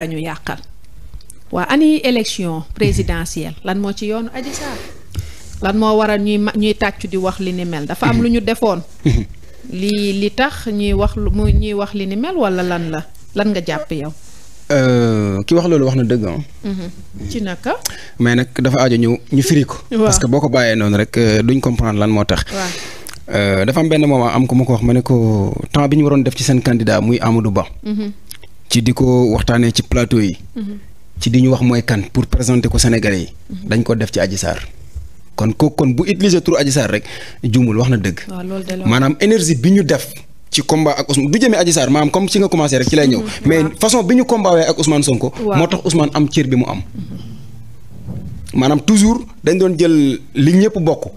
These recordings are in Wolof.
dañu yàqal waa ani élection présidentielle mm-hmm. lan moo ci yoonu Adji Sarr lan moo waral ñuy ñuy tàccu di wax li ni mel dafa am lu ñu defoon mm-hmm. li li tax ñuy wax lu mu ñuy wax li ni mel wala lan la lan nga jàpp yow euh, ki wax loolu wax na dëgga ah. mm-hmm. ci naka. mais nag dafa aajo ñu ñu firi ko parce que boo ko bàyyee noonu rek euh, duñ comprendre lan moo tax euh, dafa am benn moment am ko ma ko wax ma ne ko temps bi ñu waroon def ci seen candidat muy Amadou Ba ci di ko waxtaanee ci plateau yi. Mm-hmm. ci di ñu wax mooy kan pour présenter ko Sénégalais yi. Mm-hmm. dañ ko def ci Adji Sarr. kon kooku kon bu utiliser turu Adji Sarr rek juumul wax na dëgg. maanaam énergie bi ñu def. ci combat ak Ousmane du jëmee Adji Sarr maanaam comme si nga commencé rek ci lay ñëw. Mm-hmm. mais façon bi ñu combatwee ak Ousmane Sonko. moo tax Ousmane am cër bi mu am. maanaam toujours dañ doon jël li ñëpp bokk.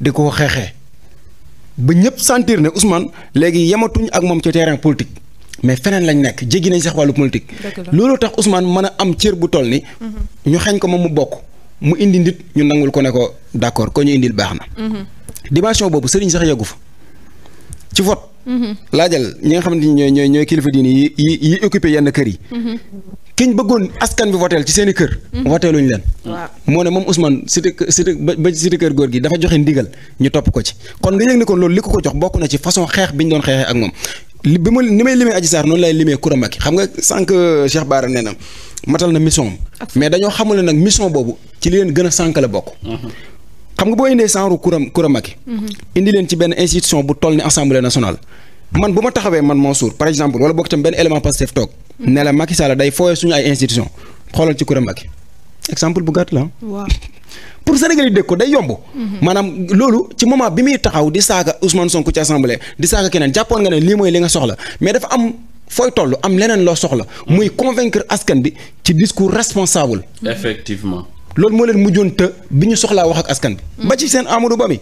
di ko xeexee. ba ñëpp sentir ne Ousmane léegi yematuñ ak moom ci terrain politique. mais feneen lañ nekk jéggi nañ sax wàllu politique. looloo tax Ousmane mën a am cër bu toll ni. Mhm. ñu xañ ko moom mu bokk mu indi nit ñu nangul ko ne ko d' accord ko ñu indil baax na. Mhm. dimension boobu sëriñ sax yeggu fa ci vote. Mhm. laajal ñi nga xamante ni ñooy ñooy kilifa diini yi yi yi occupé yenn kër yi. kiñ bëggoon askan bi voteel ci seen i kër. voteeluñ leen. moo ne moom Ousmane cité cité ba cité kër góor gi dafa joxe ndigal ñu topp ko ci kon nga yëg ne kon loolu li ko ko jox na ci façon bi ñu doon li bi ma ni may limee Adji noonu lay limee Coura xam nga sànq euh, Cheikh Bara nee na matal na mission mais dañoo xamul ne nag mission boobu ci li leen gën a sànq la bokk. Mm-hmm. xam nga boo indee sànq Coura Coura Macky. Mm-hmm. indi leen ci benn institution bu toll ni assemblée nationale. man bu ma taxawee man Mansour par exemple wala bokk tam benn élément Pastef toog. Mm-hmm. ne la Macky Sall day fooyee ay institution xoolal ci Coura exemple bu gàtt la pour Sénégal yi dégg ko day yomb. maanaam loolu ci moment bi muy taxaw di saaka Ousmane sonk ci assemblée di saaga keneen jàppoon nga ne lii mooy li nga soxla mais dafa am fooy tollu am leneen loo soxla. muy convaincre askan bi ci discours responsable. effectivement. loolu moo leen mujjoon të bi ñu soxlaa wax ak askan bi. ba ci seen Amadou Ba mi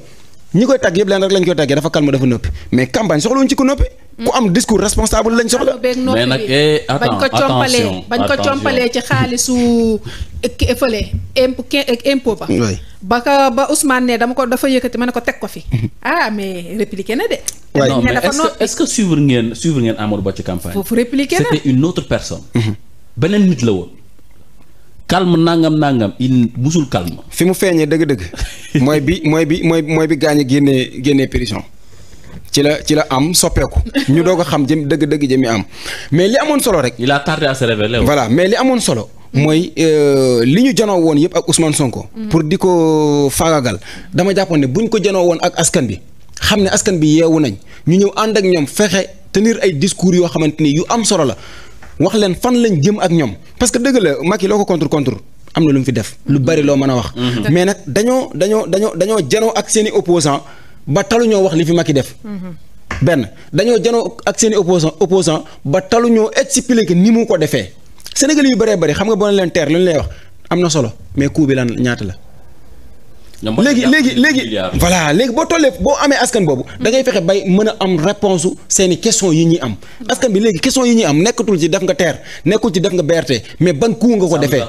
ñi koy tàgg yëpp leen rek lañ koy tàggee dafa calme dafa noppi mais campagne soxla wuñ ci ku noppi. ku am discours responsable lañ soxla. mais nag eh, bañ ko compalee bañ ko compalee ci xaalisu fële impôt ba. ba ka ba Ousmane ne dama ko dafa yëkkati ma ne ko teg ko fi. Mhm. ah mais répliqué na de. non mais est-ce que est-ce que ngeen suivre ngeen Amadou Ba ci campagne. foofu répliqué na mhm. beneen nit la woon. calme nangam nangam il musul calme. fi mu feeñee dëgg-dëgg. mooy bi mooy bi mooy mooy bi gaañ génnee génnee prison ci la ci la am soppeeku ñu doog a xam jëm dëgg-dëgg jëmi am mais li amoon solo rek. il a tardé à se révéler voilà mais li amoon solo. mooy euh, li ñu janoo woon yëpp ak Ousmane Sonko. Mm. pour di ko faagagal dama jàppoon bu buñ ko janoo woon ak askan bi xam ne askan bi yeewu nañ ñu ñëw ànd ak ñoom fexe tenir ay discours yoo xamante ni yu am solo la wax leen fan lañ jëm ak ñoom parce que dëgg la Macky loo ko contre contre am na lu mu fi def lu bari loo mën a wax. Mm-hmm. mais nag dañoo dañoo dañoo dañoo janoo ak ba talu ñoo wax li fi Macky def. Mm-hmm. benn dañoo janoo ak seen i opposants ba talu ñoo expliquer ni mu ko defee Sénégal yu bëree bëri xam nga boo leen teer lu ñu lay wax am na solo mais coup bi lan la. léegi léegi léegi voilà léegi boo tollee boo amee askan boobu da ngay fexe bay mën a am réponse seen i question yi ñuy am askan bi léegi question yi ñuy am nekkatul ci def nga teer nekkul ci def nga berte mais ban coût nga ko defee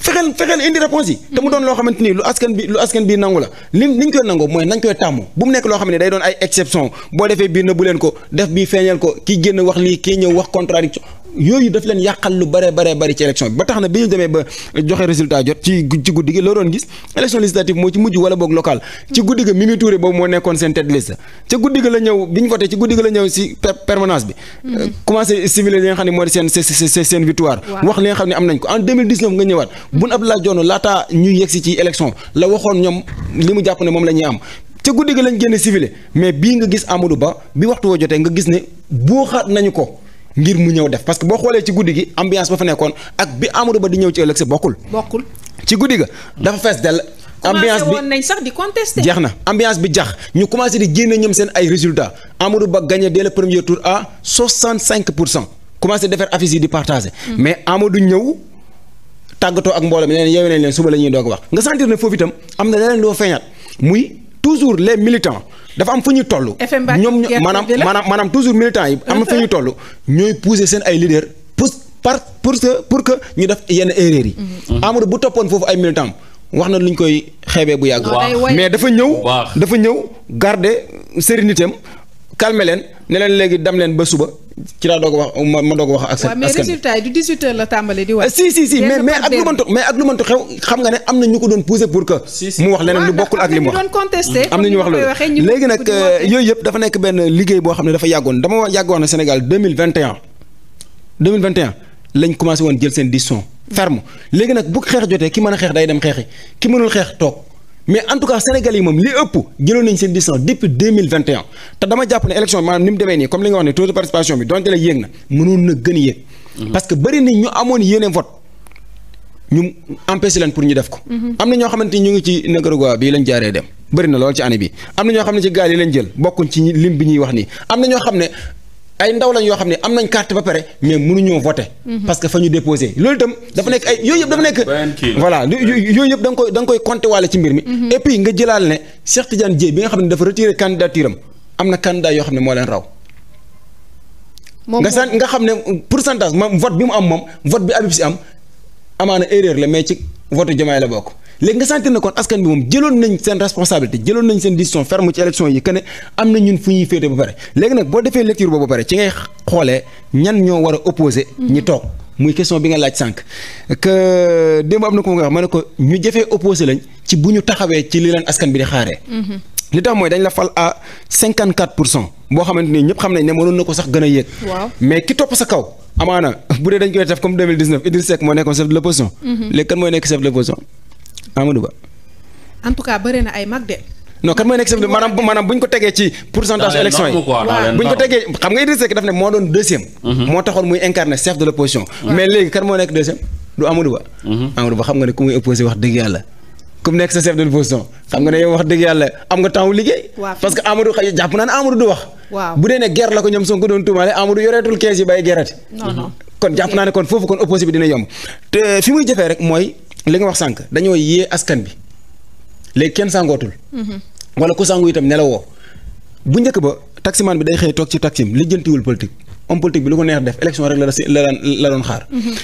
fexeel fexeel indi réponse yi te mu doon loo xamante ni lu askan bi lu askan bi nangu la li li koy nangoo mooy nañ koy tàmm bu mu nekk loo xam ne day doon ay exception boo defee biir na bu leen ko def bii feeñal ko ki génn wax lii kii ñëw wax contradiction yooyu daf leen yàqal lu bare bare bari ci élection bi ba tax na bi ñu demee ba joxe résultat jot ci ci guddi gi loo doon gis élection législative moo ci mujj wala boog local ci guddi ga Mimi Touré boobu moo nekkoon seen tête liste ca guddi ga la ñëw bi ñu voté ci guddi ga la ñëw si permanence bi mm-hmm. euh, commencé civilisé li nga xam ne moo di seen seen seen victoire wax li nga xam ne am nañ ko en nga ñëwaat mm-hmm. bun Abdoulaye Dione laataa ñuy yegsi ci élection la waxoon ñoom li mu jàpp moom la ñuy am ca guddi ga lañ génn civilé mais bii nga gis Amadou Ba bi waxtu woo jotee nga gis ne boo xaat nañu ko ngir mu ñëw def parce que boo xoolee ci guddi gi ambiance ba fa nekkoon ak bi Amadou Ba di ñëw ci ëllëg si bokkul. bokkul ci guddi ga. dafa fees dell. ambiance bi nañ sax di contester. jeex na ambiance bi jax ñu commencé di génne ñoom seen ay résultat Amadou Ba gagné dès le premier tour a à 65 pour cent commencé defar affiche yi di partagé. Hmm. mais Amadou ñëw. tàggatoo ak mbooloo mi leen yeewu nañ leen suba la ñuy doog wax nga sentir ne foofu itam am na leneen loo feeñaat muy toujours les militants dafa am fu ñu toll. ñoom maanaam maanaam maanaam toujours militants yi. am na fu ñu toll ñooy pousser seen ay leaders pour par pour que pour ñu def yenn erreurs yi. Mhm. Amadou bu toppoon foofu ay militants wax na lu ñu koy xeebee bu yàgg. mais dafa ñëw. dafa ñëw garder sérénité am calmer leen ne leen léegi dem leen ba suba. ci laa doog wax ma ma doog wax. ak seen askan mais résultat yi si si si mais mais ak lu mëntu mais ak lu mëntu xew xam nga ne am na ñu ko doon pousser pour que. mu wax leneen lu ah, bokkul ak li wax mm. am na ñu wax loolu. léegi nag euh, yooyu yëpp dafa nekk benn liggéey boo xam ne dafa yàggoon dama yàgg wax ne Sénégal 2021 2021 lañ commencé woon jël seen décision ferme léegi nag bu xeex jotee ki mën a xeex day dem xeexi ki mënul xeex toog mais en tout cas Sénégal yi moom li ëpp jëloon nañ seen distance depuis deux mille vingt et un te dama jàpp ne élection bi maanaam ni mu demee nii comme li nga wax ne taux de participation bi donte la yéeg na mënoon na gën yéeg. Mhm. parce que ñu amoon yéene vote ñu empêché leen pour ñu def ko. Mhm. am na ñoo xamante ñu ngi ci Nicaragua bii lañ jaaree dem. bëri lool ci année bi am na ñoo xam ne ci gaal yi lañ jël bokkuñ ci lim bi ñuy wax nii am na ñoo xam ne ay ndaw lañ yoo xam ne am nañ carte ba pare mais mënuñoo voter. Mhm. parce que fa ñu déposé loolu itam dafa nekk ay yooyu yëpp dafa nekk. voilà yooyu yëpp da nga koy da nga koy compter waale ci mbir mi. Mhm. et puis nga jëlaal ne Cheikh Tidiane Dièye bi nga xam ne dafa retiré candidature am am na candidat yoo xam ne moo leen raw. nga san nga xam ne pour pourcentage moom vote bi mu am moom vote bi Habib si am amaana erreur la mais ci vote Diomaye la bokk. léegi nga sentir ne kon askan bi moom jëloon nañ seen responsabilité jëloon nañ seen décision ferme ci élection yi que am na ñun fu ñuy féete ba pare léegi nag boo defee lecture boobu ba pare ci ngay xoolee ñan ñoo war opposé mm-hmm. ñi toog muy question bi nga laaj sànq que démb am na ko nga xam ñu jëfee opposé lañ ci bu ci li leen askan bi di xaaree mm-hmm. li tax sax gën a yéeg mais ki topp sa kaw amaana bu dee dañ koy def comme 2019 Idriss Seck moo nekkoon chef de l'opposition mm-hmm. léegi Amadou Ba. en tout cas na ay mag de. non kan mooy nekk seen ko tegee ci pourcentage élection yi bu ñu ko tegee xam nga Idrissa Seck daf ne moo doon deuxième. Mhm. moo taxoon de l' opposition. mais léegi kan moo nekk du mhm. Amadou Ba. xam nga ne ku muy opposé wax dëgg yàlla. ku mu nekk sa chef de l'opposition xam nga ne yow wax dëgg yàlla am nga temps liggéey. parce que Amadou jàpp naa ne Amadou du wax. bu dee ne guerre la ko ñoom Sonko doon tuumaale Amadou yoreetul kees yi bay gerati. kon jàpp naa ne kon foofu kon opposé bi dina yomb te fi muy jafee rek mooy li nga wax sànq dañoo yee askan bi léegi kenn sàngootul. Mm-hmm. wala ku sàngu itam nelawoo bu njëkk ba taximaan bi day xëy toog ci taxim lijjantiwul politique homme politique bi lu ko neex def élection rek la la la doon xaar. Mm-hmm.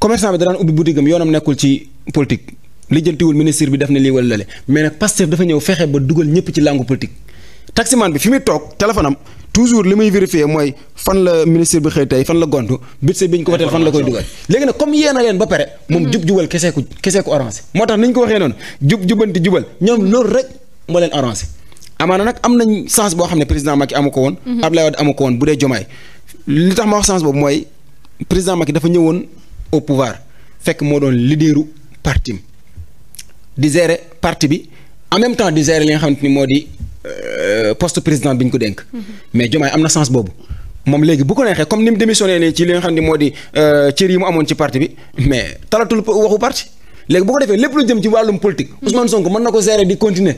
commerçant bi da daan ubbi boutique am yoonam nekkul ci politique lijjantiwul ministre bi def na lii wala lale mais nag Pastef dafa ñëw fexe ba dugal ñëpp ci làngu politique. taximan bi fi muy toog téléphone am toujours li muy vérifier mooy fan la ministre bi xëy tey fan la gont budget bi ñu ko wateel fan la koy dugal léegi nag comme yéena leen ba pare moom mm-hmm. jub jubal kesee ku kesee moo tax ni ñu ko waxee noonu jub jubanti jubal ñoom loolu rek moo leen arrangé amaana nag am nañ chance boo xam ne président Macky amu ko woon mm-hmm. Abdoulaye Wade amu ko woon bu dee Diomaye li tax ma wax chance boobu mooy président Macky dafa ñëwoon au pouvoir fekk moo doon leaderu parti di gérer parti bi en même temps di gérer nga xamante ni moo di Euh, poste président bi ñu ko dénk. mais Diomaye am na sens boobu. moom léegi bu ko neexee comme ni mu démissionné nii ci li nga xam ne moo di euh, cër yi mu amoon ci parti bi mais talatul waxu parti léegi bu ko defee lépp lu jëm ci wàllum politique. Ousmane Sonko mën na ko gérer di continuer.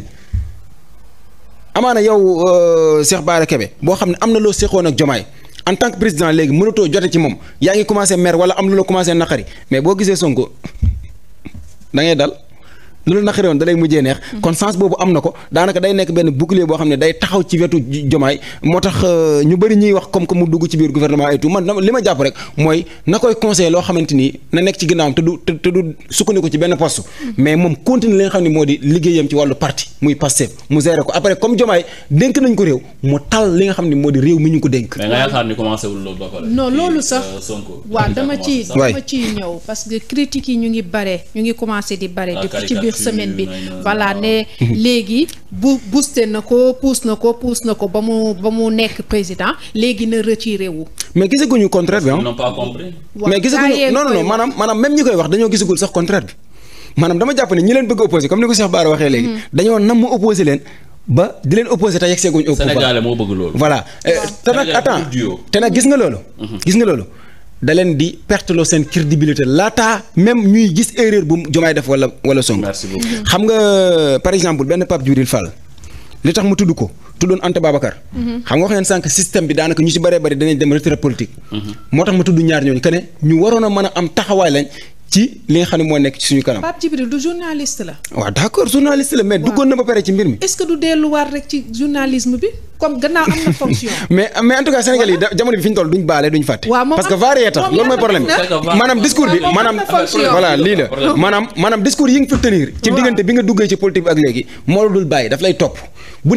amaana yow euh, Cheikh Bara Kébé boo xam ne am na loo seqoon ak Diomaye en tant que président léegi mënatoo jote ci moom yaa ngi commencé mer wala am lu la commencé naqari mais boo gisee Sonko lu la naqari woon da neex mm-hmm. kon sens boobu am na ko daanaka day nekk benn bouclier boo xam ne day taxaw ci wetu jomaay moo tax euh, ñu bëri ñuy wax comme que mu dugg ci biir gouvernement et man li ma jàpp rek mooy na koy conseillé loo xamante ni na nekk ci ginnaawam te te du sukkandiku ci benn poste mm-hmm. mais moom continue li nga xam ne moo di liggéeyam ci wàllu parti muy Pastef mu géré ko après comme jomaay dénk nañ ko réew mu tal li nga xam ne semaine bi voilà ne léegi bu booster na ko pousse na ko pousse na ko ba mu ba mu nekk président léegi na retiré wu. mais gisaguñu contraire bi ah. non pas mais gisaguñu non non non maanaam maanaam même ñi koy wax dañoo gisagul sax contraire bi maanaam dama jàpp ne ñi leen bëgg a opposé comme ni ko Cheikh Bara waxee léegi. Mm-hmm. dañoo nam mu opposé leen. ba di leen opposé te yegg seeguñ. au pouvoir Sénégal moo bëgg loolu. voilà eh, te nag attends te nag gis nga loolu. Mm-hmm. gis nga loolu da leen di perte loo seen crédibilité laata même ñuy gis erreur bu Diomaye def wala wala Sonko. Mhm. xam nga par exemple benn Pape Djibril Fall li tax mu tudd ko tuddoon Anta Babacar. Mhm. xam nga wax leen sànq système bi daanaka ñu si bare bëri danañ dem retrait politique. Mhm. moo tax mu tudd ñaar ñooñu que ne ñu waroon a mën a am taxawaay lañ ci li nga xam ne moo nekk ci suñu kanam. Pape Djibril du la. d' accord mais duggoon na ba pare ci mbir mi. est du delluwaat rek ci journalisme bi. comme gannaaw am na fonction. mais mais en tout Sénégal yi jamono bi fi ñu toll duñ baale duñ fàtte. parce que varié tax loolu mooy problème maanaam discours bi maanaam voilà lii la maanaam maanaam discours yi nga fi tenir. ci diggante bi nga duggee ci politique bi ak léegi moo la dul bàyyi daf lay topp. bu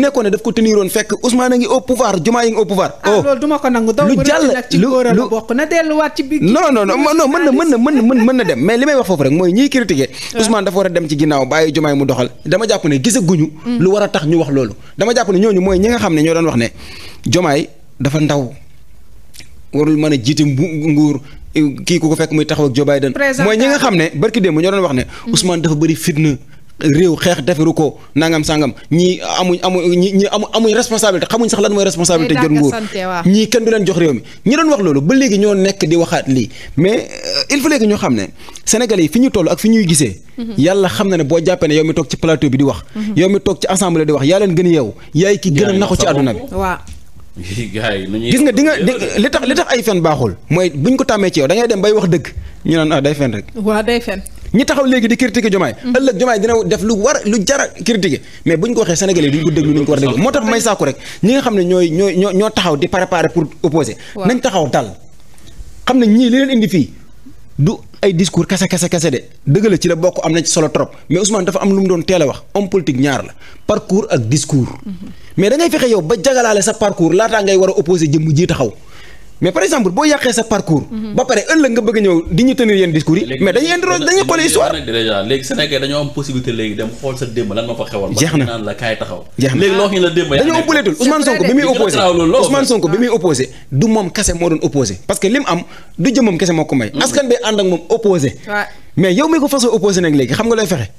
mais li may wax foofu rek mooy ñiy critiquer Ousmane dafa war a dem ci ginnaaw bàyyi Diomaye mu doxal dama jàpp ne gisaguñu mm. lu war a tax ñu wax loolu dama jàpp ne ñooñu mooy ñi nga xam ne ñoo doon wax ne jomaay dafa ndaw warul mën a jiite nguur kii ku ko fekk muy taxaw ak Joe Biden mooy ñi nga xam ne barki démb ñoo doon wax ne mm. Ousmane dafa bëri fitna réew xeex deferu ko nangam sangam ñii amuñ amuñ ñi amu amuñ responsabilité xamuñ sax lan mooy responsabilité jot nguur ñii kenn du leen jox réew mi ñi doon wax loolu ba léegi ñoo nekk di waxaat lii mais euh, il faut léegi ñoo xam ne sénégalais yi fi ñu toll ak fi ñuy gisee mhm. yàlla xam na ne boo jàppee ne yow mi toog ci plateau bi di wax mhm. yow mi toog ci assemblée di wax yaa leen gën a yeew yaay ki gën naxu ci àdduna bi gis nga di nga li tax li tax ay fen baaxul mooy buñ ko tàmmee ci yow da ngay dem bay wax dëgg ñu naan ah day fen rek ñi taxaw léegi di critiquer Diomaye mm. ëllëg Diomaye dina def lu war lu jara critiquer mais buñ ko waxee sénégalais duñ ko déglu ni ñu ko war a déglu moo tax may sàkku rek ñi nga xam ne ñooy ñoo ñoo taxaw di préparer pour opposer nañ taxaw dal xam ne ñii li leen indi fii du ay discours kase kase kese de dëgg ci la bokk am nañ solo trop mais Ousmane dafa am lu mu doon teel a wax homme politique ñaar la parcours ak discours mm-hmm. mais da fexe yow ba jagalaale sa parcours laataa ngay war a opposé jëmm ji taxaw mais par exemple boo yàqee sa parcours. Mhm. ba pare ëllëg nga bëgg a ñëw di ñu tenir yenn discours yi. mais dañuy indi dañuy xool histoire sa démb lan moo fa xewoon. jeex na naan la kaay taxaw. bi muy opposé du moom kese moo doon opposé parce que lim am du jëmmam kese moo ko may. Mhm. askan bi ànd ak moom opposé mais yow mi ko fasoo opposé nag léegi xam nga lay fexe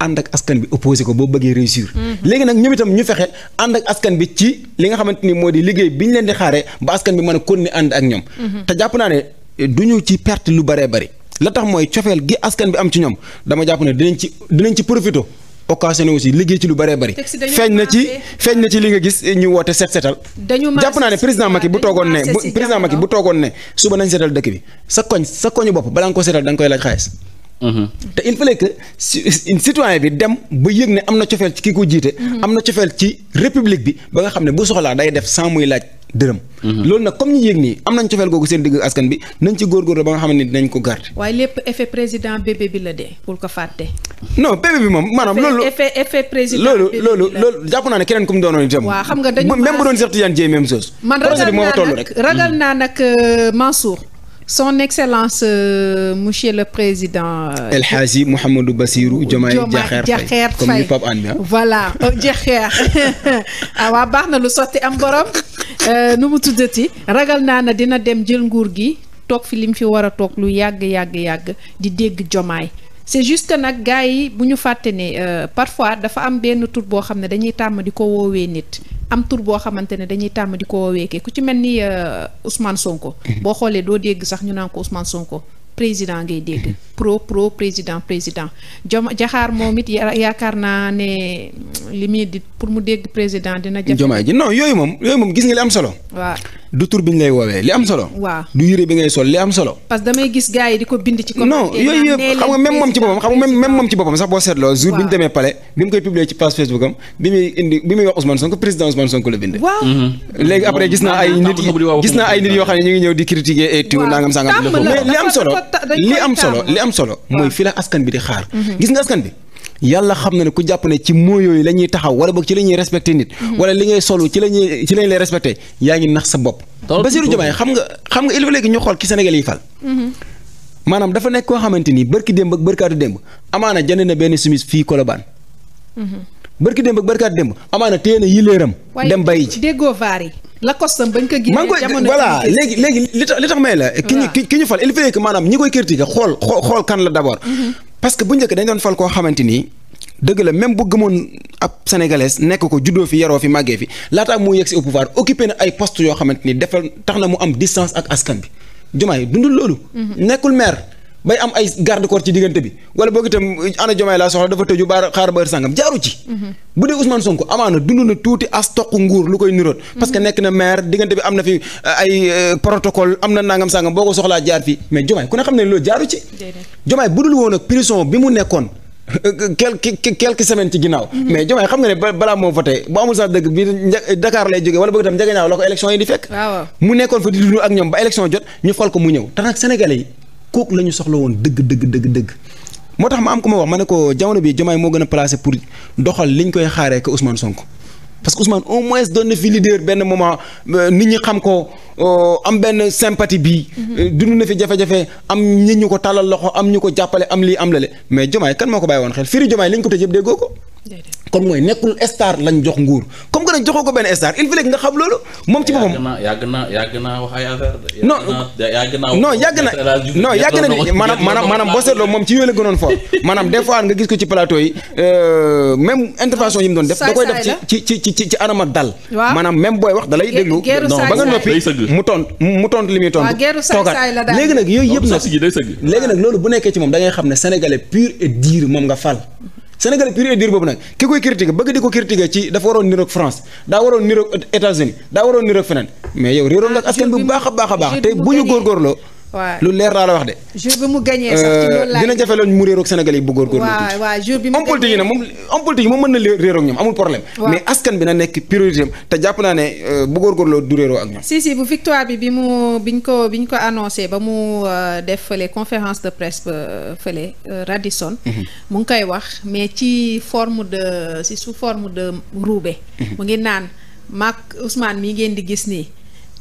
ànd ak askan bi opposé ko boo bëggee réussir. léegi nag ñoom itam ñu fexe ànd ak askan bi ci li nga xamante ni moo di liggéey bi ñu leen di xaaree ba askan bi mën a continuer ànd ak ñoom. Mhm. te jàpp naa ne eh, du ñu ci perte lu baree bari. la tax mooy cofeel gi askan bi am ci ñoom dama jàpp ne dinañ ci dinañ ci profité. occasionné aussi liggéey ci lu bëree bëri. feeñ na ci feeñ na ci li nga gis eh, ñu woote set setal. dañu jàpp naa ne président Macky bu toogoon ne bu président Macky bu ne suba nañ setal dëkk bi sa koñ sa bopp balaa ko setal da nga koy laaj te il fallait que citoyen bi dem ba yëg ne am na cofeel ci ki ko jiite. am na cofeel ci république bi ba nga xam ne bu soxlaa day def sans muy laaj dërëm. loolu nag comme ñu yëg nii am nañ cofeel googu seen digg askan bi nañ ci góorgóorlu ba nga xam ne dinañ ko garder. waaye lépp effet président bébé bi la de pour ko fàtte. non bébé bi moom maanaam loolu. effet effet président loolu loolu loolu jàpp naa ne keneen ku mu doonoon itam. waaw xam nga dañu même bu doon Cheikh Tidiane Dièye même chose. man ragal mm-hmm. naa nag ragal naa nag son excellence euh, monsieur le président. Euh, El Hadji Mouhamadou Bassirou Diomaye Diakhar Faye comme ni Pape Anne ah. voilà oh, Diakhar ah waa baax na lu sotti am borom euh, nu mu tuddati ragal naa ne dina dem jël nguur gi toog fi lim fi war a toog lu yàgg yàgg yàgg di dégg Diomaye c'est juste nag gars yi bu ñu fàtte ne euh, parfois dafa am benn tur boo xam ne dañuy tàmm di ko woowee nit. am tur boo xamante ne dañuy tàmm di ko wooweekee ku ci mel ni euh, usman Sonko. Mhm. boo xoolee doo dégg sax ñu naan ko Ousmane Sonko. président ngay dégg mhm. pro pro président président jom jaxaar moom it yaakaar naa ne li muy di pour mu dégg président dina. jafe jomaay ji non yooyu moom yooyu moom gis nga li am solo. du tur bi ñu lay woowee li am solo. du yére bi ngay sol li am solo. parce damay gis gars yi di ko bind ci. non yooyu yëpp xam bi muy indi bi muy wax Ousmane Sonko président Ousmane la bind. Mhm. léegi après gis naa ay nit gis naa ay nit yoo xam ne ñu ngi ñëw di critiquer et tout nangam sangam. mais li am li am solo li am solo mooy fi la askan bi di xaar mhm. gis nga askan bi yàlla xam na ne ku jàpp ne ci moo yooyu la ñuy taxaw wala boog ci la ñuy respecté nit. Mhm. wala li ngay solu ci la ñuy ci lañ lay respecté yaa ngi nax sa bopp. Bassirou Diomaye xam nga xam nga il faut léegi ñu xool ki Sénégal yi fal. Mhm. maanaam dafa nekk koo xamante ni barki démb ak barkaatu démb amaana jënd na benn simis fii Colobane. Mhm. barki démb ak barkaat démb amaana téye na yileeram. dem bayi ci déggoo vaar yi. la kosam bañ ko génnee jamono léegi léegi li tax li tax may la. ki ñu fal il faut que maanaam ñi koy critiquer xool xool kan la d' abord. Mhm. que bu njëkk dañ doon fal koo xamante ni. dëgg la même bu gëmoon ab sénégalaise nekk ko juddoo fi yaroo fi màggee fi laataa mu yegg si au pouvoir occupé na ay postes yoo xamante ni defal tax na mu am distance ak askan bi jumaay dundul loolu. Mhm. nekkul maire. bay am ay garde corps ci diggante bi wala boog itam eh, ana Diomaye laa soxla dafa tëju baar xaar sàngam jaaru ci. Mhm. bu dee Ousmane Sonko amaana dund na tuuti as nguur lu koy niroot. Mhm. parce que nekk na maire diggante bi am na fi eh, ay eh, protocole am na nangam sàngam boo ko soxlaa jaar fii mais Diomaye ku ne xam ne loolu jaaru ci. Diomaye budul woon ak prison bi mu nekkoon. quelques quelques semaines ci ginnaaw. Mhm. mais Diomaye xam nga ne balaa moo voté bu amul sax dëgg bi Dakar lay jógee wala bëgg tam njëgënaaw ko mu nekkoon fa di dund ak ñoom ba kooku la ñu soxla woon dëgg dëgg dëgg dëgg moo tax ma am ku ma wax ma ne ko jamono bi Diomaye moo gën a placé pour doxal li koy xaaree que Ousmane Sonko parce que Ousmane au moins doon na fi leader benn moment euh, nit ñi xam ko euh, am benn sympathie bi mhm. euh, dund na fi jafe-jafe am ñi ñu ko tàllal loxo am ñu ko jàppale am lii am lale mais Diomaye kan moo ko bàyyi woon xel firi Diomaye li ko tëj yëpp déggoo ko kon mooy nekkul star lañ jox nguur comme que a joxoo ko benn star il faut que nga xam loolu. moom ci boppam yàgg naa yàgg naa wax ay affaire de. non yàgg naa non yàgg na non yàgg léegi nag loolu bu nekkee ci moom da xam ne sénégalais pur et dur moom nga fal Sénégal pur et dur boobu nag ki koy critiquer bëgg di ko critiquer ci dafa waroon niroog France daa waroon niroog États-Unis daa waroon niroog feneen mais yow réeroon nga askan bi bu ah, baax a baax a baax te bu ñu góorgóorloo lu leer laa la wax de. jour bi mu gagné sax ci euh, loolu laa dina jafe loolu mu réeroog Sénégal yi bu góorgóorlu. waa waaw jour bi mu homme politique yi nag moom homme politique yi moom mën na réeroog ñoom amul problème. mais askan bi na nekk priorité te jàpp naa ne euh, bu góorgóorloo du réeroo ak ñoom. si si bu victoire bi bi mu biñ ko biñ ko annoncé ba mu euh, def fële conférence de presse ba fële Radisson. Mhm. mu ngi koy wax mais ci forme de si sous forme de roube. Mhm. mu ngi naan maak Ousmane mii ngeen di gis nii.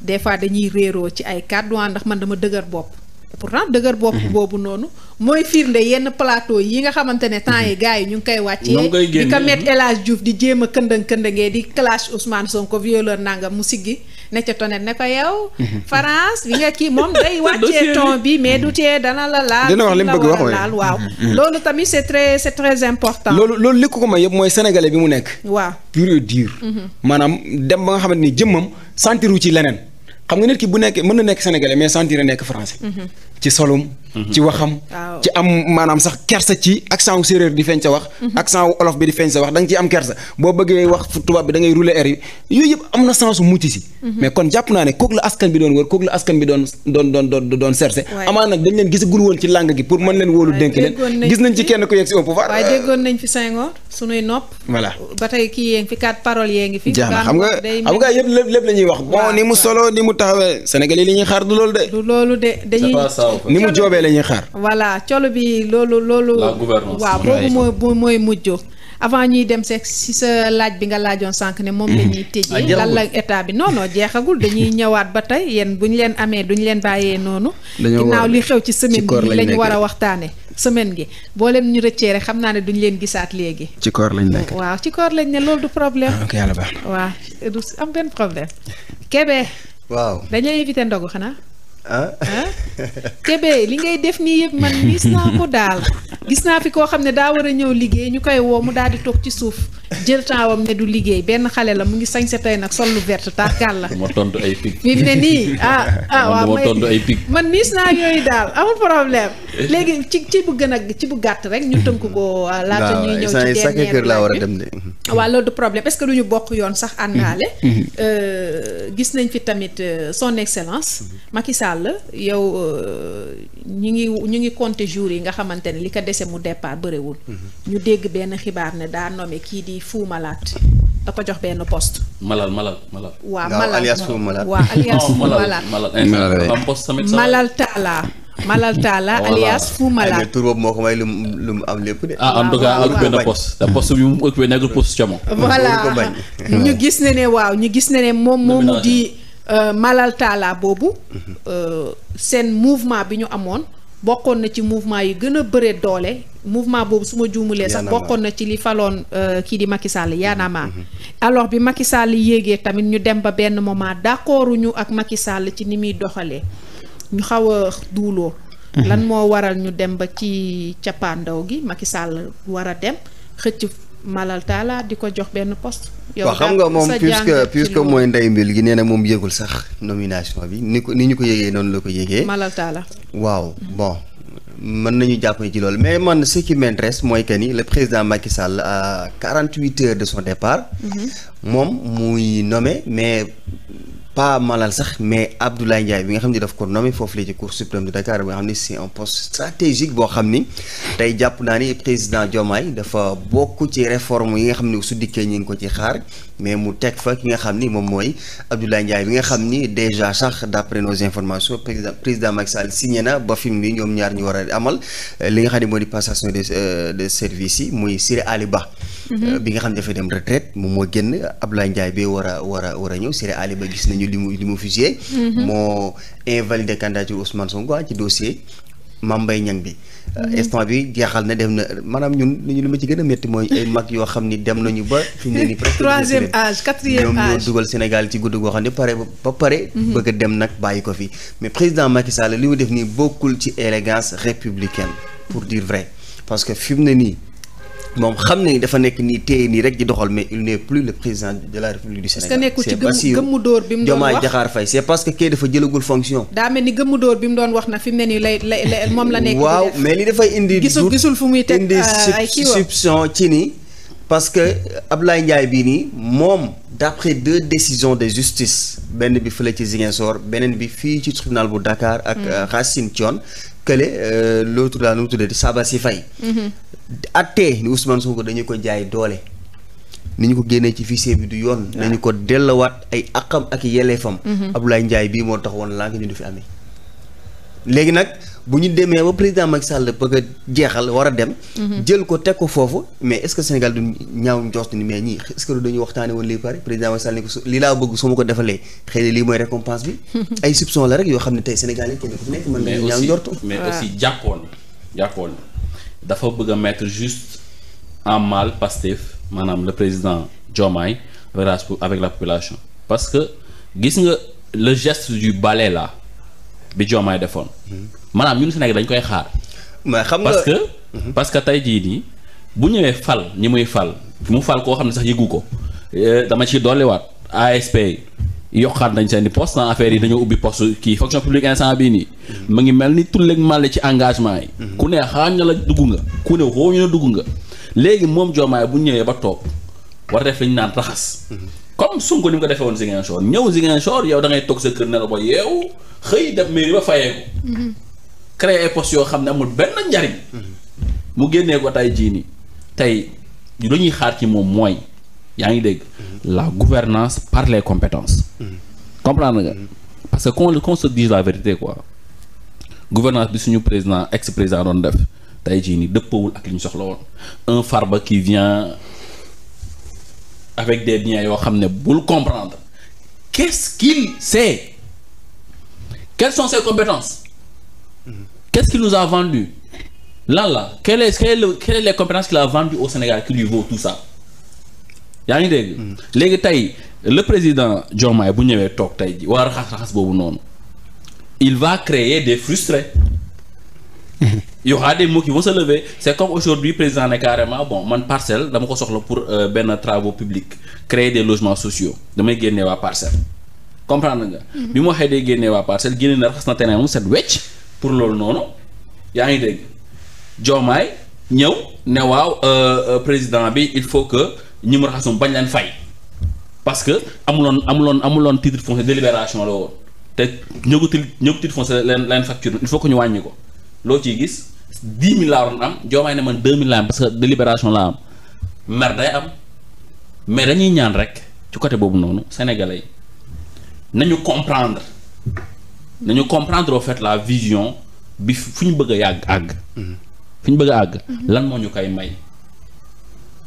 des fois dañuy réeroo ci ay kàddu ndax man dama dëgër bopp pourtant dëgër bopp mhm. boobu noonu mooy firnde yenn plateau yi nga xamante ne temps yi mhm. gars yi ñu ngi koy wàccee di ko met El Hadj Diouf di jéem a këndëng këndëngee di clash Ousmane Sonko nangam mu siggi ne ca tonet ne ko yow mhm. France bi nga kii moom day wàccee ton bi mais du tee dana la laal bëgg wax laal waaw loolu tamit c'est très c'est très important loolu loolu li ko ko may mooy sénégalais bi mu nekk waaw pur et dur dem ba nga xamante ni jëmmam sentiru ci leneen xam nga nit bu nekkee mën na nekk sénégalais mais sentir nekk français. Mm-hmm. ci solum Mhm. ci waxam ci am maanaam sax kersa ci accent wu séeréer di feeñ sa wax mhm. yi yooyu yëpp am fi Senghor sunuy yee ngi fi quatre paroles yee ngi fi xam nga xam nga yëpp lépp lépp la wax bon ni mu solo ni mu taxawee Sénégalais li ñuy xaar du loolu de ni mu joobee la ñuy xaar. colo bi loolu loolu. la waaw boobu mooy mooy mujj. avant ñuy dem seeg si sa laaj bi nga laajoon sànq ne moom la ñuy ah, tëjee lan la état bi non non jeexagul dañuy ñëwaat ba tey yéen bu ñu leen amee duñ leen bàyyee noonu. ginnaaw li xew ci semaine bi lañ war a waxtaane semaine gi boo leen ñu rëccee rek xam naa ne duñ leen gisaat léegi. ci koor lañ nekk waaw ci koor lañ ne loolu du problème. Ah, ok yàlla du am benn problème. Kébé. dañuy invité ndogu xanaa. ah. Kébé li ngay def nii yëpp man gis naa ko daal gis naa fi koo xam ne daa war a ñëw liggéey ñu koy woo mu daal di toog ci suuf jël taawam ne du liggéey benn xale la mu ngi sañ sa tey nag sol lu vert tàkkal la. ma tontu ay picc. fi mu ne nii ah. ah man tontu gis naa yooyu daal amul problème léegi ci ci bu gën a ci bu gàtt rek ñu tënk ko ah, laata ñuy ñëw ci dernier kër laa war a dem de. loolu du problème est-ce du ñu bokk yoon sax àndaale. Mm-hmm. Euh, gis nañ fi tamit euh, son excellence mm-hmm. Macky Sall yow euh, ñu ngi ñu ngi compter jours yi nga xamante ne li ko dese mu départ bëriwul. Mhm. ñu dégg benn xibaar ne daa nommé kii di Fou Malade da ko jox benn post Malal Malal Malal. waaw Malal alias Fou Malade waaw alias Fou Malade Malal Talla. Malal Talla alias Fou Malade. tur boobu moo ko may lu mu lu mu am lépp de. ah en tout cas occupé na poste. te poste bi mu occupé nekkul poste Thiamon. voilà ñu gis ne ne waaw ñu gis ne ne moom moomu di. Euh, Malal Talla boobu. Euh, seen mouvement bi ñu amoon. bokkoon na ci mouvement yi gën a bëre doole mouvement boobu su ma juumulee sax bokkoon na ci li faloon uh, kii di Macky Sall yaanamaa mm -hmm. alors bi Macky Sall yéegee tamit ñu dem ba benn moment d'accord ñu ak Macky Sall ci ni muy doxalee ñu xaw a duuloo mhm. lan moo waral ñu dem ba ci cappaandaw gi Macky Sall war a dem xëcc malal taala di ko jox benn poste. yow xam nga moom puisque puisque mooy ndey mbil gi nee na moom yëgul sax nomination bi ni ko ni ñu ko yéegee noonu la ko yëgee. malal taala. waaw bon mën nañu jàpp ci loolu mais man ce qui m'intéresse mooy que ni le président Macky Sall à 48 heures de son départ. Mm-hmm. moom muy nome mais. pas Malal sax mais Abdoulaye Ndiaye bi nga xam ne daf ko nommé foofu la ci cour suprême de Dakar bi nga xam ne c'est un poste stratégique boo xam ni tey jàpp naa ni président Diomaye dafa bokk ci réforme yi nga xam ne su dikkee ñu ngi ko ci xaar mais mu teg fa ki nga xam ni moom mooy Abdoulaye Ndiaye bi nga xam ni déjà sax d'après nos informations président président Macky Sall signé na ba fi mu ni ñoom ñaar ñu war a amal li nga xam ne moo di passation de euh, de service yi muy Siré Ali Mm-hmm. Euh, bi nga xam ne dafay dem retraite moom moo génn Abdoulaye Ndiaye bi war a war war a ñëw Siré Ali ba gis nañu li mu li mu fusillé mm-hmm. moo invalidé candidature Ousmane Sonko ah, ci dossier Mame Mbaye Niang bi euh, mm-hmm. instant bi jeexal na dem na maanaam ñun li ma ci gën a métti mooy ay mag yoo xam ni dem nañu ba fi mu ne nii presque troisième âge Sénégal ci gudd goo xam ne pare ba pare bëgg dem nag bàyyi ko fi mais président Macky Sall li mu def nii bokkul ci élégance républicaine pour dire vrai parce que fi mu ne nii moom xam nañu dafa nekk nii téye nii rek di doxal mais il n'est plus le président de la république du Sénégal. est-ce que nekkul ci gëmmu dóor parce que kii dafa jëlagul fonction. daa ni gëmmu dóor bi mu doon wax nag fi mu ne nii lay lay moom la nekk. waaw mais li dafay indi. gisul gisul fu muy teg indi euh, soupçon ci ni. parce que Ablaye Ndiaye bii nii moom d'après deux décisions de justice benn bi fi la ci Ziguinchor beneen bi fii ci tribunal bu Dakar. ak mm-hmm. euh, Racine Thion. kële euh, l'autre daal nu mu tuddee Sabassi Faye mm-hmm. attee ni Ousmane Sonko dañu ko jaay doole ni ñu ko génnee ci fichier bi du yoon nañu ko dellawaat ay aqam ak yelleefam mhm. Abdoulaye Ndiaye bii moo tax woon laa ngi ñu du fi amee nag bu ñu demee ba président Macky Sall bëgg a jeexal war a dem mhm. jël ko teg ko foofu mais est-ce Sénégal du ñaaw njort ni mais ñii est-ce que du dañu waxtaane woon lii pare président Macky Sall ni ko lii laa bëgg su ma ko defalee xëy na lii mooy récompense bi ay soupçon la rek yoo xam ne tey Sénégal yi kenn ku nekk mën na ñaaw njort mais aussi jàppoon dafa bëgg a mettre juste en mal Pastef maanaam le président Diomaye avec la population parce que gis nga le geste du balai là bi Diomaye defoon mhm. maanaam ñun Sénégal dañ koy xaar mais xam nga parce que mhm. parce que tey jii nii bu ñëwee fal ñi muy fal mu fal koo xam ne sax yëgu ko eh, dama ci dolliwaat ASP yokkaat nañ seen i poste sans affaire yi dañoo ubbi poste kii fonction publique instant bii nii mu ngi mel ni tulleeg màlle ci engagement yi mhm. ku ne xaañ na la dugg nga ku ne xooñu la dugg nga léegi moom joomaay bu ñëwee ba toog war def lañu naan raxas mhm. comme Sonko ni mu ko defee woon Ziguinchor ñëw Ziguinchor yow da ngay toog sa kër ne la ba yeewu xëy def mairie ba fayeeku mhm. créer ay postes yoo xam ne amul benn njariñ mu génnee ko tey jii nii tey lu ñuy xaar ci moom mooy yaa ngi dégg la gouvernance par les compétences comprendre nga parce que qu'on qu'on se dise la vérité quoi gouvernance bi suñu président ex président doon def tey jii nii dëppawul ak li ñu soxla woon un farba qui vient avec des biens yoo xam ne bul comprendre qu'est-ce qu'il sait quelles sont ses compétences qu'est-ce qu'il nous a vendu lan la quelles est quelles les compétences qu'il a vendues au Sénégal qui lui vaut tout ça yaa ngi dégg. Mm. léegi tey le président Diomaye bu ñëwee toog tey ji waa raxas raxas boobu noonu il va créer des frustrés. y aura des mots qui vont se lever c'est comme aujourd'hui président ne carrément bon man parcelle dama ko soxla pour euh, benn travaux publics créer des logements sociaux damay génnee waa parcelle comprendre nga. Mm-hmm. bi mu waxee day génnee waa parcelle génne na raxas na terrain moom set wecc pour loolu noonu yaa ngi dégg Diomaye ñëw ne waaw euh, euh, président bi il faut que. ñi mu raxas moom bañ leen fay parce que amuloon amuloon amuloon titre foncier délibération la woon te ñëgu til ñëgu titre foncier leen facture il faut que ñu wàññi ko loo ci gis dix mille laa waroon am joomaay ne man de mille laa am parce que délibération laa am mer day am mais dañuy ñaan rek ci côté boobu noonu sénégalais yi nañu comprendre nañu comprendre au fait la vision bi fu ñu bëgg a yàgg àgg. Mm-hmm. fu ñu bëgg àgg. Mm-hmm. lan moo ñu koy may.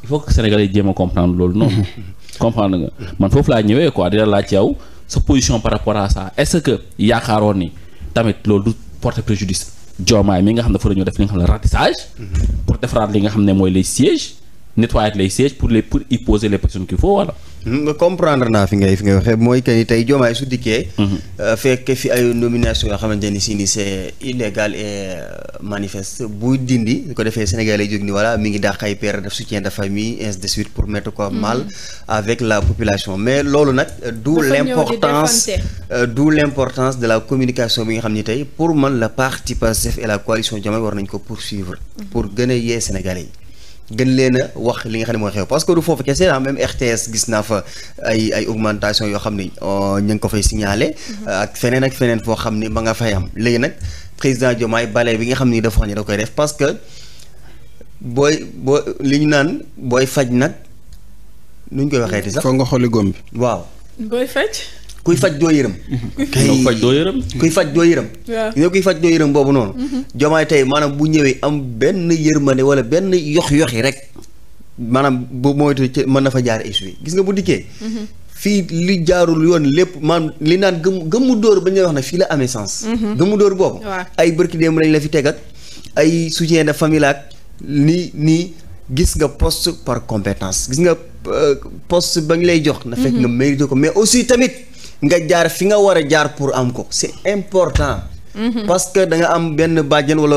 il faut que sénégalais yi jéem loolu noonu. comprendre nga man foofu laa ñëwee ko dina laaj ci yow sa position par rapport à ça est-ce que yaakaaroon ni tamit loolu du porter préjudice Diomaye mi nga xam ne dafa la ñëw def li nga xam ne ratissage. Mm-hmm. pour defaraat li nga xam ne mooy les sièges. nettoyer les sièges pour les pour y poser les personnes qu'il faut voilà. nga comprendre fi ngay fi waxee mooy que ni tey Diomaye su dikkee. Mhm. Euh, fekk fi ay yoo xamante ni si ni c'est illégal euh, manifeste buy dindi su ko defee Sénégal lay jóg ni voilà mi ngi dàq ay père def soutien de famille ainsi de suite pour mettre ko mhm. mal avec la population mais loolu nag. Euh, d'où l'importance d'où l'importance de la communication bi nga xam ni tey pour man la parti Pastef et la coalition Diomaye war nañ ko poursuivre. Mhm. pour gën a yee Sénégalais yi. gën leen a wax li nga xam ne mooy xew parce que du foofu kese ah même RTS gis naa fa ay ay augmentation yoo xam ne euh, ñu ngi ko fay signalé. Mm-hmm. ak feneen ak feneen foo xam ne ba nga fay am léegi nag président Diomaye bale bi nga xam ni dafa wax ne da koy def parce que booy boo li ñu naan booy faj nag nuñ koy waxee ti sax. foog nga xooli góom bi waaw. booy faj. kuy faj doo yërëm. kuy faj doo yërëm. kuy faj doo yërëm. waaw kuy faj doo boobu noonu. Mm-hmm. jomaay tey maanaam bu ñëwee am benn yërmande wala benn yox-yox yi rek maanaam bu moytu ci na fa jaar échoué gis bu dikkee. Mm-hmm. fii li jaarul yoon lépp maam li naan gëm gëmmu dóor ba ñu wax ne fii la amee sens. Mm-hmm. gëmmu dóor boobu. ay bërki démb la fi teg ak ay soutien de famille ak nii nii nga poste par compétence gis nga euh, ba lay jox. na fekk nga mérité tamit. nga jaar fi nga war a jaar pour am ko c'est important. Mm -hmm. parce que da nga am benn bàjjan wala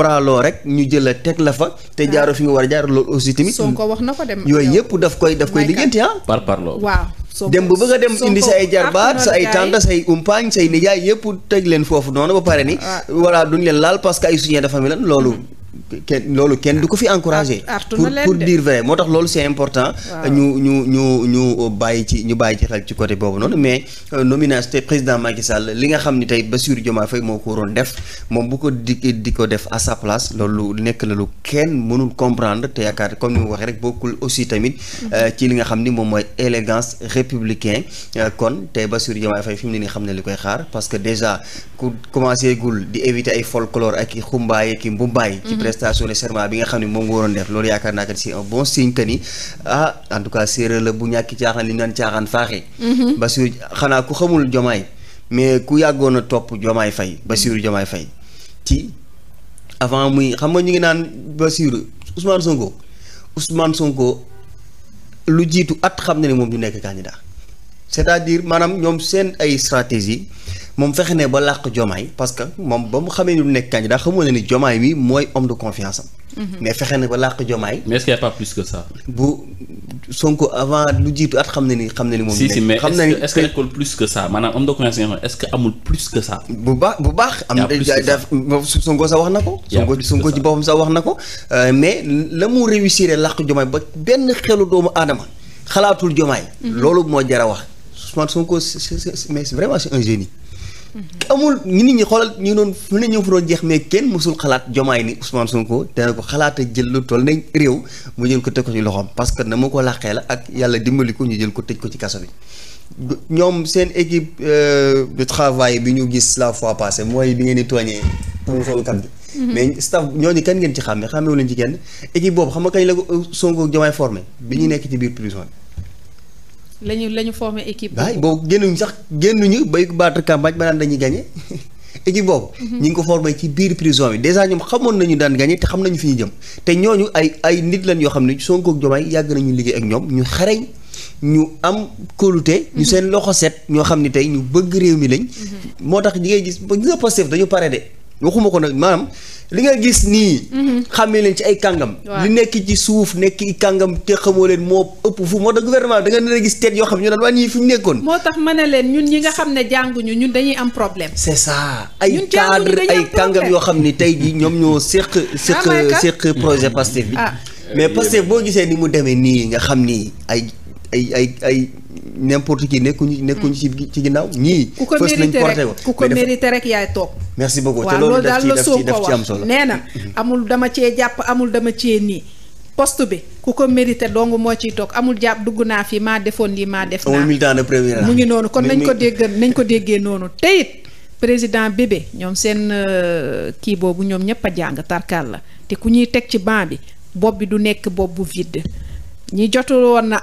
braloo rek ñu jël la teg la fa. te ah. jaaroo fi nga war a jaar loolu aussi tamit. soo wax na ko dem yooyu yëpp daf koy daf koy liggéenti ah. par par loolu waaw. dem bu bëgg a dem indi sa ay jarbaat sa ay tànta say umpaañ say nijaay yëpp teg leen foofu noonu ba pare ni. Ah. voilà duñ leen laal parce que ay suñu dafa mi loolu. Mm. kenn loolu kenn du ko fi encouragé. pour pour dire vrai moo tax loolu c'est important. ñu ñu ñu ñu bàyyi ci ñu bàyyi ci xel ci côté boobu noonu mais euh, nomination te président Macky Sall li nga xam ni tey Bassirou Diomaye Faye moo ko waroon def moom bu ko di di ko def à sa place loolu nekk la lu kenn mënul comprendre te yaakaar comme ni mu waxee rek bokkul aussi tamit. Mhm. Euh, ci li nga xam ni moom mooy élégance républicain euh, kon tey Bassirou Diomaye Faye fi mu ne ni xam ne li koy xaar parce que déjà ku commencé gul di éviter ay folklore ak i xumbaay ak i mbumbaay. prestation de serment bi nga xam ne moom nga waroon def loolu yaakaar naa que c'est bon signe que ni ah en tout cas séeréer la bu ñàkki caaxaan li ñu naan caaxaan faaxee. parce mhm. que xanaa ku xamul jomaay mais ku yàggoon a topp jomaay fay Bassirou jomaay fay ci avant muy xam nga ñu ngi naan Bassirou Ousmane Sonko Ousmane Sonko lu jiitu at xam na ne moom du nekk candidat. c'est-à-dire maanaam ñoom seen ay stratégie moom fexe ne ba làq jomaay parce que moom ba mu xamee ni mu nekk candidat xamoo ne ni jomaay mi mooy homme de confiance am. Mhm. mais fexe ne ba làq jomaay. mais est que ça. bu Sonko avant lu jiitu at xam na ni xam na moom. mais est-ce que nekkul plus que ça maanaam homme baax bu baax. am na sa wax na ko. Sonko Sonko ci boppam sa wax na ko. Euh, mais la mu réussir làq jomaay ba benn xelu doomu aadama xalaatul jomaay. Mhm. loolu moo jar a wax. Ousmane Sonko mais vraiment c'est un génie. amul ñu nit ñi xoolal ñu doon fu ne ñëw fa doon jeex mais kenn mësul xalaat jomaay ni Ousmane Sonko dana ko xalaat a jël lu toll nañ réew mu jël ko teg ko loxoom parce que na ma ko làqee la ak yàlla dimbali ko ñu jël ko tëj ko ci kaso bi. ñoom seen équipe euh, de travail bi ñu gis la fois passée mooy bi ngeen di tooñee mu solkat bi. Mm-hmm. mais staff ñooñu kan ngeen ci xàmme xàmmewu leen ci kenn équipe boobu xam nga kañ la ko Sonko jomaay formé bi ñu nekk ci biir prison bi. lañu lañu formé équipe. waaw boobu génnuñu sax génnuñu bay battre campagne ba daan dañuy gagné équipe boobu. Mhm. ñu ngi ko formé ci biir prison bi dèjà ñoom xamoon nañu daan gagné te xam nañu fi ñu jëm te ñooñu ay ay nit lañ yoo xam ne Sonko ak Diomaye yàgg nañu liggéey ak ñoom ñu xareñ ñu am kóolute. ñu mhm. seen loxo set ñoo xam ne tey ñu bëgg réew mi lañ. Mhm. moo tax ñi ngay gis ba gis dañu pare de. waxuma ko nag maam li nga gis nii. Mhm. xamee leen ci ay kàngam. li nekk ci suuf nekk i kàngam te xamoo leen moo ëpp fu moo tax gouvernement da nga leen a gis teet yoo xam ne ñu naan waa ñii fi mu moo tax ma ne leen ñun ñi nga xam ne jànguñu ñun dañuy am problème. c'est ça ay cadre ay kàngam yoo xam ni tey jii ñoom ñoo séq séq séq projet Pastef bi. Ah. mais Pastef boo gisee ni mu demee nii nga xam nii ay. ay ay ay n'importe qui nekkuñu nekkuñu ci ci ginnaaw ñii. ku ko mérité rek ku ko mérité rek yaay toog. merci loolu daf ci daf ci daf nee na amul dama cee jàpp amul dama ci nii. poste bi ku ko mérité dong moo ciy toog amul jàpp dugg naa fi maa defoon lii maa def. naa amul militant de première mu ngi noonu kon nañ ko dégg nañ ko déggee noonu te it président bébé ñoom seen euh, kii boobu ñoom ñëpp a jàng tarkal la te ku ñuy teg ci banc bi bopp bi du nekk bopp bu vide ñi jotul woon na